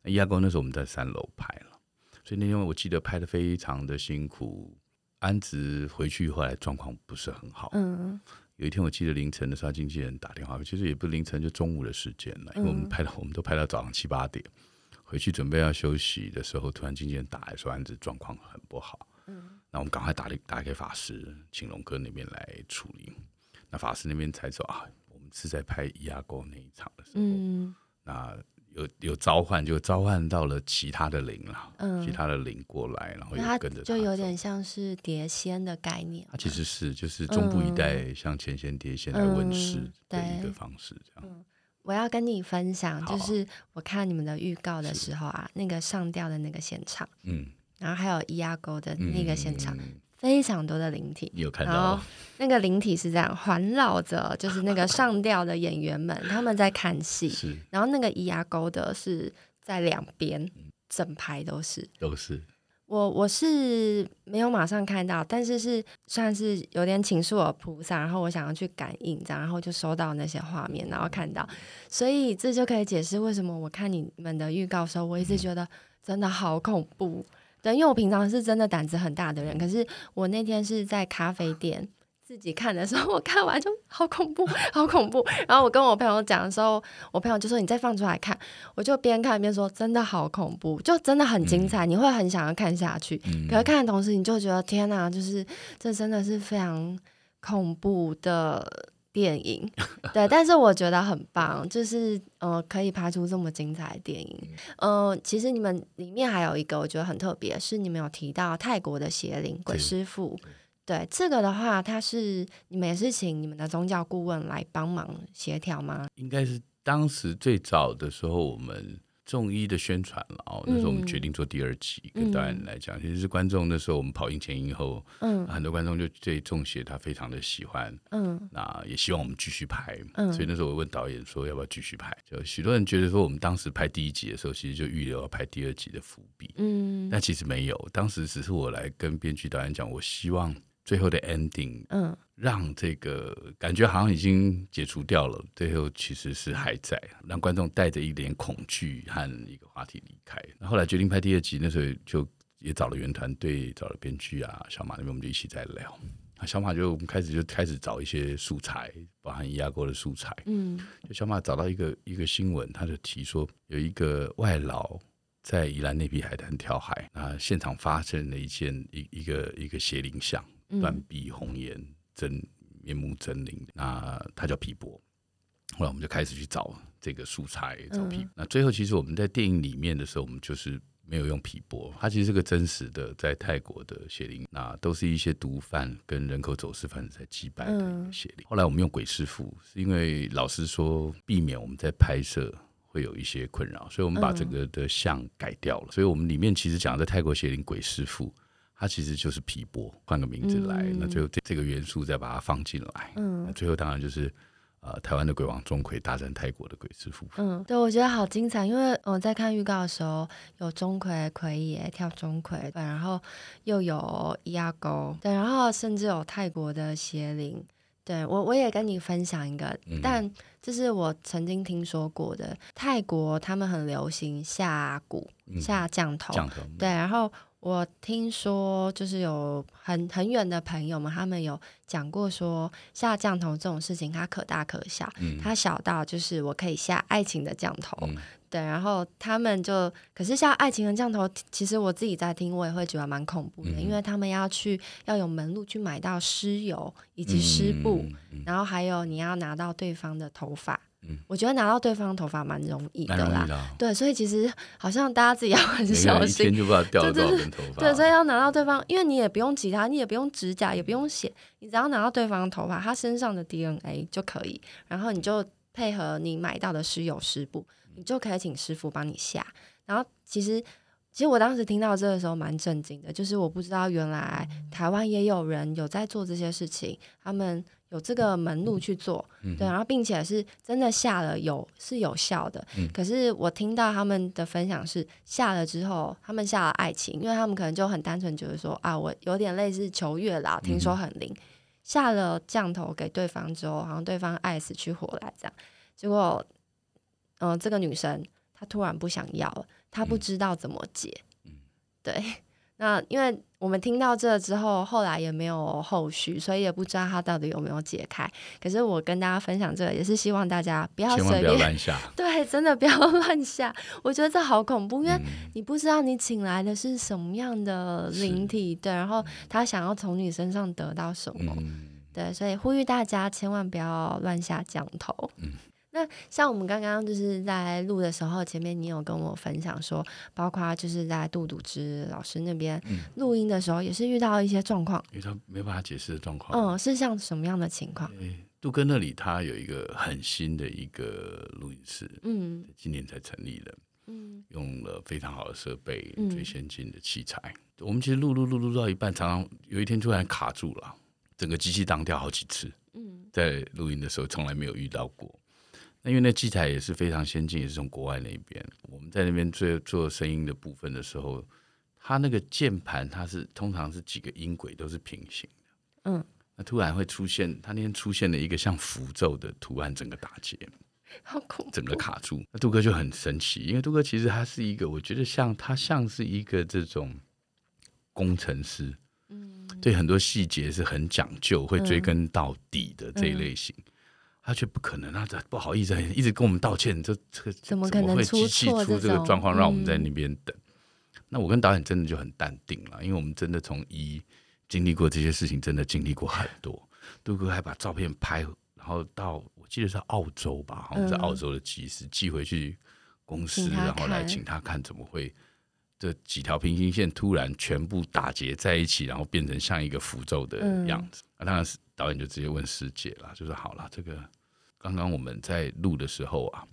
那亞哥那時候我們在三樓拍了，所以那天我記得拍得非常的辛苦。安子回去後來狀況不是很好。嗯。有一天我記得凌晨的時候，經紀人打電話，其實也不是凌晨，就中午的時間了。因為我們拍到，嗯、我們都拍到早上七八點，回去準備要休息的時候，突然經紀人打來說案子狀況很不好。嗯、那我們趕快打打給法師，請龍哥那邊來處理。那法師那邊才說啊，我們是在拍壓溝那一場的時候。嗯、那。有有召喚，就召喚到了其他的靈了，嗯、其他的靈過來，然後跟著他跟着，就有點像是碟仙的概念。其實是就是中部一帶像錢仙、碟仙來問事的一個方式，這樣，嗯嗯。我要跟你分享，就是我看你們的預告的時候啊，啊那個上吊的那個現場，嗯，然後還有伊亞哥的那個現場。嗯嗯嗯非常多的靈體，你有看到、啊、那個靈體是這樣環繞着，就是那個上吊的演員們， 他們在看戲。 是然後那個咿呀鈎的是在兩邊，嗯、整排都是都是。我我是沒有馬上看到，但是是算是有點請示我菩薩，然後我想要去感應，這樣然後就收到那些畫面，然後看到，所以這就可以解釋為什麼我看你們的預告的時候，我一直覺得真的好恐怖。嗯對，因為我平常是真的膽子很大的人，可是我那天是在咖啡店自己看的時候，我看完就好恐怖，好恐怖。 然後我跟我朋友講的時候，我朋友就說：“你再放出來看。”我就邊看邊說：“真的好恐怖，就真的很精彩，嗯、你會很想要看下去。嗯、可是看的同時，你就覺得天哪，就是這真的是非常恐怖的。”電影，對，但是我覺得很棒，就是嗯、呃，可以拍出這麼精彩的電影。嗯、呃，其實你們裡面還有一個我覺得很特別，是你們有提到泰國的邪靈鬼師傅。是對，這個的話，他是你們也是請你們的宗教顧問來幫忙協調嗎？應該是當時最早的時候，我們。重醫的宣傳了哦，那時候我們決定做第二集。嗯嗯、跟導演來講，其實是觀眾，那時候我們跑映前映後，嗯、很多觀眾就對粽邪他非常的喜歡。嗯、那也希望我們繼續拍。嗯、所以那時候我問導演說要不要繼續拍？就許多人覺得說我們當時拍第一集的時候，其實就預留要拍第二集的伏筆。嗯、但其實沒有，當時只是我來跟編劇導演講，我希望。最後的 ending，嗯，讓這個感覺好像已經解除掉了，最後其實是還在讓觀眾帶着一點恐懼和一個話題離開。後來決定拍第二集，那時候就也找了原團隊，找了編劇啊，小馬那邊我們就一起在聊。小馬就我們開始就開始找一些素材，包含壓過的素材，嗯，就小馬找到一個一個新聞，他就提說有一個外勞在宜蘭那邊海灘跳海，啊，現場發生了一件一一個一個邪靈像，斷壁紅顏，真面目猙獰。那他叫皮波，後來我們就開始去找這個素材找皮。嗯、那最後，其實我們在電影裡面的時候，我們就是沒有用皮波，它其實是個真實的，在泰國的邪靈。那都是一些毒販跟人口走私販子在祭拜的邪靈。嗯、後來我們用鬼師傅，是因為老師說避免我們在拍攝會有一些困擾，所以我們把整個的像改掉了。嗯、所以我們裡面其實講在泰國邪靈鬼師傅。它其實就是皮波，換個名字來，嗯嗯，那最後這這個元素再把它放進來，嗯嗯，那最後當然就是，呃，台灣的鬼王鍾馗大戰泰國的鬼師傅。嗯，對，我覺得好精彩，因為我在看預告的時候，有鍾馗、魁爺跳鍾馗，然後又有伊阿溝，對，然後甚至有泰國的邪靈。對我，我也跟你分享一個，嗯哼，但這是我曾經聽說過的，泰國他們很流行下蠱、下降頭，嗯哼，降對，然後。我聽說，就是有很很遠的朋友們，他們有講過說，下降頭這種事情，它可大可小，嗯、它小到就是我可以下愛情的降頭，嗯、對，然後他們就，可是下愛情的降頭，其實我自己在聽，我也會覺得蠻恐怖的，嗯、因為他們要去要有門路去買到屍油以及屍布，嗯嗯嗯嗯嗯，然後還有你要拿到對方的頭髮。嗯，我覺得拿到對方的頭髮蠻容易的啦易。對，所以其實好像大家自己要很小心，一，一天就掉頭髮啊。對，所以要拿到對方，因為你也不用其他，你也不用指甲，也不用血，你只要拿到對方的頭髮，他身上的 DNA 就可以。然後你就配合你買到的屍油、屍布，你就可以請師傅幫你下。然後其實，其實我當時聽到這個時候蠻震驚的，就是我不知道原來台灣也有人有在做這些事情，他們。有這個門路去做，嗯嗯、對，然後並且是真的下了有是有效的。嗯、可是我聽到他們的分享是下了之後，他們下了愛情，因為他們可能就很單純覺得說啊，我有點類似求月老，聽說很靈，嗯、下了降頭給對方之後，好像對方愛死去活來這樣，結果，嗯、呃，這個女生她突然不想要了，她不知道怎麼解、嗯，嗯，對。那因為我們聽到這之後，後來也沒有後續，所以也不知道他到底有沒有解開。可是我跟大家分享這個，也是希望大家不要隨便，不要亂下。對，真的不要亂下。我覺得這好恐怖，嗯、因為你不知道你請來的是什麼樣的靈體，是對，然後他想要從你身上得到什麼，嗯、對，所以呼籲大家千萬不要亂下降頭。嗯像我們剛剛就是在錄的時候，前面你有跟我分享說，包括就是在杜篤之老師那邊錄、嗯、音的時候，也是遇到一些狀況，因為他沒辦法解釋的狀況。嗯，是像什麼樣的情況？杜哥那裡他有一個很新的一個錄音室，嗯，在今年才成立的，嗯，用了非常好的設備，最先進的器材。嗯、我們其實錄錄錄錄到一半，常常有一天突然卡住了，整個機器當掉好幾次，嗯，在錄音的時候從來沒有遇到過。那因為那器材也是非常先進，也是從國外那邊。我們在那邊做做聲音的部分的時候，它那個鍵盤它是通常是幾個音軌都是平行的。嗯，那突然會出現，他那邊出現了一個像符咒的圖案，整個打結，好酷、酷。整個卡住。那杜哥就很神奇，因為杜哥其實他是一個，我覺得像他像是一個這種工程師。嗯，對，很多細節是很講究，會追根到底的這一類型。嗯嗯他卻不可能，他不好意思一直跟我們道歉，這這個怎麼會機器出這個狀況，嗯、讓我們在那邊等？那我跟導演真的就很淡定了，因為我們真的從一、e, 經歷過這些事情，真的經歷過很多。嘿杜哥還把照片拍，然後到我記得是澳洲吧，我們在澳洲的集市寄回去公司，然後來請他看怎麼會這幾條平行線突然全部打結在一起，然後變成像一個符咒的樣子。那、嗯啊、導演就直接問師姐了，就說好了，這個。剛剛我們在錄的時候啊，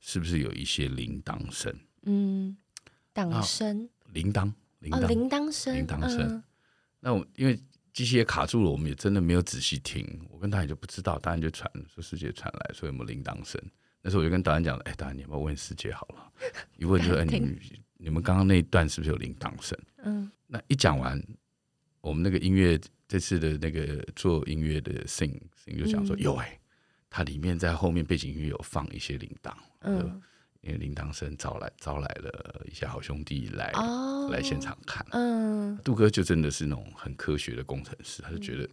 是不是有一些鈴鐺聲？嗯，鐺聲，鈴鐺，鈴鐺，鈴鐺聲，鈴鐺聲。鐺聲嗯、那我因為機器也卡住了，我們也真的沒有仔細聽，我跟導演就不知道，導演就傳說師姐傳來，所以我們鈴鐺聲。那時候我就跟導演講哎，導演，你不要問師姐好了，一問就哎你你們剛剛那一段是不是有鈴鐺聲？嗯，那一講完，我們那個音樂這次的那個做音樂的 sing sing 就講說、嗯、有哎、欸。他裡面在後面背景音樂有放一些鈴鐺，嗯，因為鈴鐺聲招來招來了一些好兄弟來、哦、來現場看，嗯，杜哥就真的是那種很科學的工程師，他就覺得、嗯、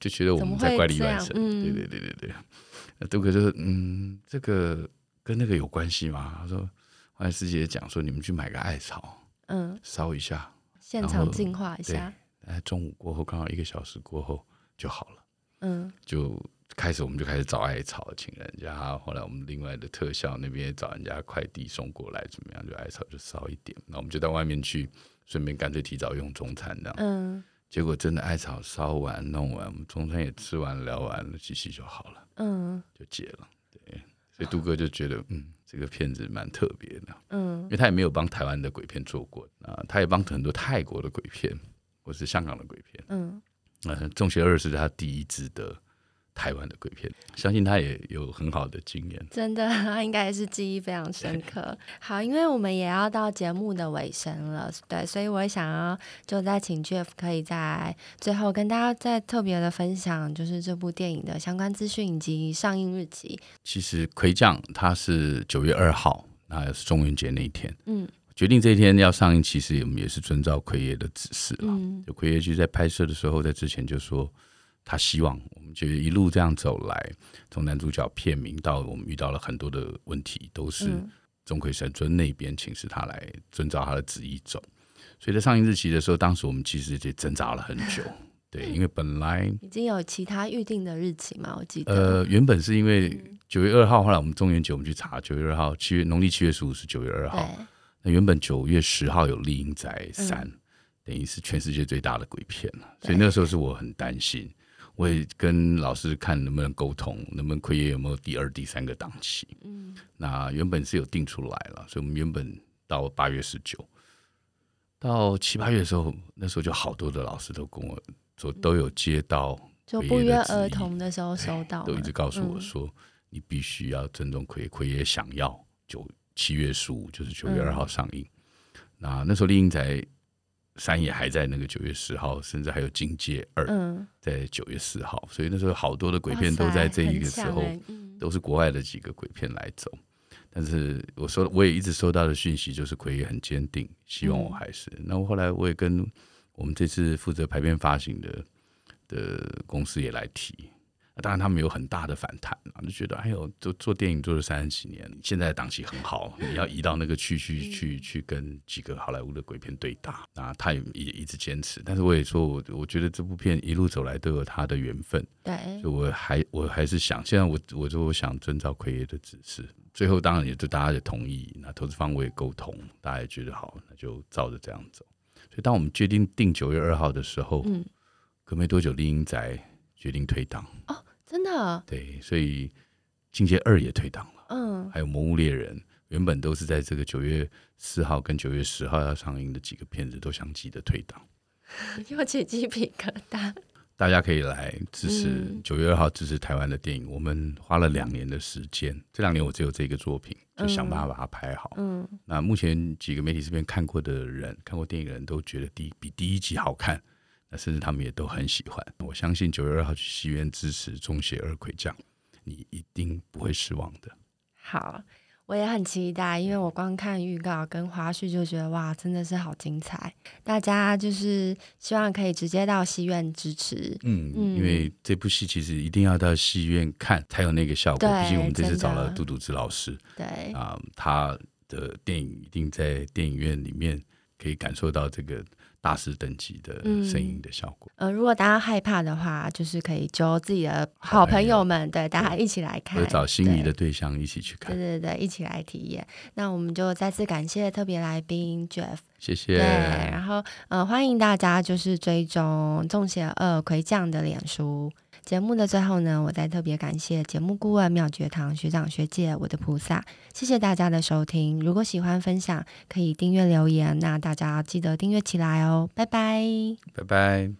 就覺得我們在怪力亂神，對、嗯、對對對對，杜哥就說嗯，這個跟那個有關係嗎？他說後來師姐講說你們去買個艾草，嗯，燒一下，現場淨後化一下，哎，中午過後剛好一個小時過後就好了，嗯，就。開始我們就開始找艾草，請人家。後來我們另外的特效那邊找人家快遞送過來，怎麼樣？就艾草就燒一點。那我們就到外面去，順便乾脆提早用中餐，這樣。嗯、結果真的艾草燒完弄完，我們中餐也吃完聊完了，洗洗就好了。嗯、就解了。對。所以杜哥就覺得，嗯，嗯，這個片子蠻特別的。嗯、因為他也沒有幫台灣的鬼片做過啊，他也幫很多泰國的鬼片，或是香港的鬼片。嗯。嗯、呃，粽邪2是他第一支的。台灣的鬼片，相信他也有很好的經驗，真的，他應該是記憶非常深刻。 好，因為我們也要到節目的尾聲了，對，所以我想要就再請 Jeff 可以在最後跟大家再特別的分享，就是這部電影的相關資訊以及上映日期。其實馗降他是九月二號，那也是中元節那一天，嗯，決定這一天要上映，其實我們也是遵照馗爺的指示了。嗯，就馗爺就在拍攝的時候，在之前就說。他希望我們就一路這樣走來，從男主角片名到我們遇到了很多的問題，都是鍾馗神尊那邊請示他來遵照他的旨意走。所以在上映日期的時候，當時我們其實也掙扎了很久， 對，因為本來已經有其他預定的日期嘛，我記得。呃，原本是因為九月二號，嗯、後來我們中元節我們去查，九月二號七月農曆七月十五是九月二號，那對原本九月十號有厲陰宅3，嗯《厲陰宅3》，等於是全世界最大的鬼片了，對所以那時候是我很擔心。我也跟老師看能不能溝通，能不能馗爺，有沒有第二、第三個檔期？嗯、那原本是有定出來了，所以我們原本到八月十九，到七八月的時候，那時候就好多的老師都跟我說，都有接到就不約而同的時候收到，都一直告訴我說，嗯、你必須要尊重馗爺，馗爺想要就七月十五就是九月二號上映。嗯、那那時候麗英在。三也還在那個九月十號，甚至還有《境界二》在九月十號。嗯、所以那時候好多的鬼片都在這一個時候都是，嗯、都是國外的幾個鬼片來走。但是我收，我也一直收到的訊息就是馗爺很堅定，希望我還是。嗯、那我後來我也跟我們這次負責排片發行的的公司也來提。當然，他們有很大的反彈，就覺得哎呦，做做電影做了三十幾年，現在的檔期很好，你要移到那個區去 去去跟幾個好萊塢的鬼片對打。那他也一一直堅持，但是我也說，我我覺得這部片一路走來都有他的緣分。對，所以我還我還是想，現在我我就想遵照馗爺的指示，最後當然也對大家也同意，那投資方我也溝通，大家也覺得好，那就照着這樣走。所以當我們決定定九月二號的時候，嗯，可沒多久，林英仔決定退檔。真的，對，所以《境界二》也退檔了。嗯，還有《魔物獵人》，原本都是在這個九月四號跟九月十號要上映的幾個片子，都相繼的退檔。 又起雞皮疙瘩！大家可以來支持，嗯，九月二號支持台灣的電影。我們花了兩年的時間，這兩年我只有這個作品，就想辦法把它拍好。嗯，那目前幾個媒體這邊看過的人，看過電影的人都覺得第一比第一集好看。甚至他們也都很喜歡。我相信九月二號去戲院支持粽邪二馗降，你一定不會失望的。好，我也很期待，因為我光看預告跟花絮就覺得哇，真的是好精彩！大家就是希望可以直接到戲院支持。嗯，因為這部戲其實一定要到戲院看才有那個效果。對畢竟我們這次找了杜篤之老師，對啊、呃，他的電影一定在電影院裡面可以感受到這個。大師等級的聲音的效果、嗯。呃，如果大家害怕的話，就是可以揪自己的好朋友們，哎、呀對大家一起來看，對，會找心儀的對象一起去看對。對對對，一起來體驗。那我們就再次感謝特別來賓 Jeff，謝謝。對，然後呃，歡迎大家就是追蹤《粽邪2馗降》的臉書。節目的最後呢，我再特別感謝節目顧問妙覺堂學長學姐，我的菩薩，謝謝大家的收聽。如果喜歡分享，可以訂閱留言，那大家記得訂閱起來哦，拜拜，拜拜。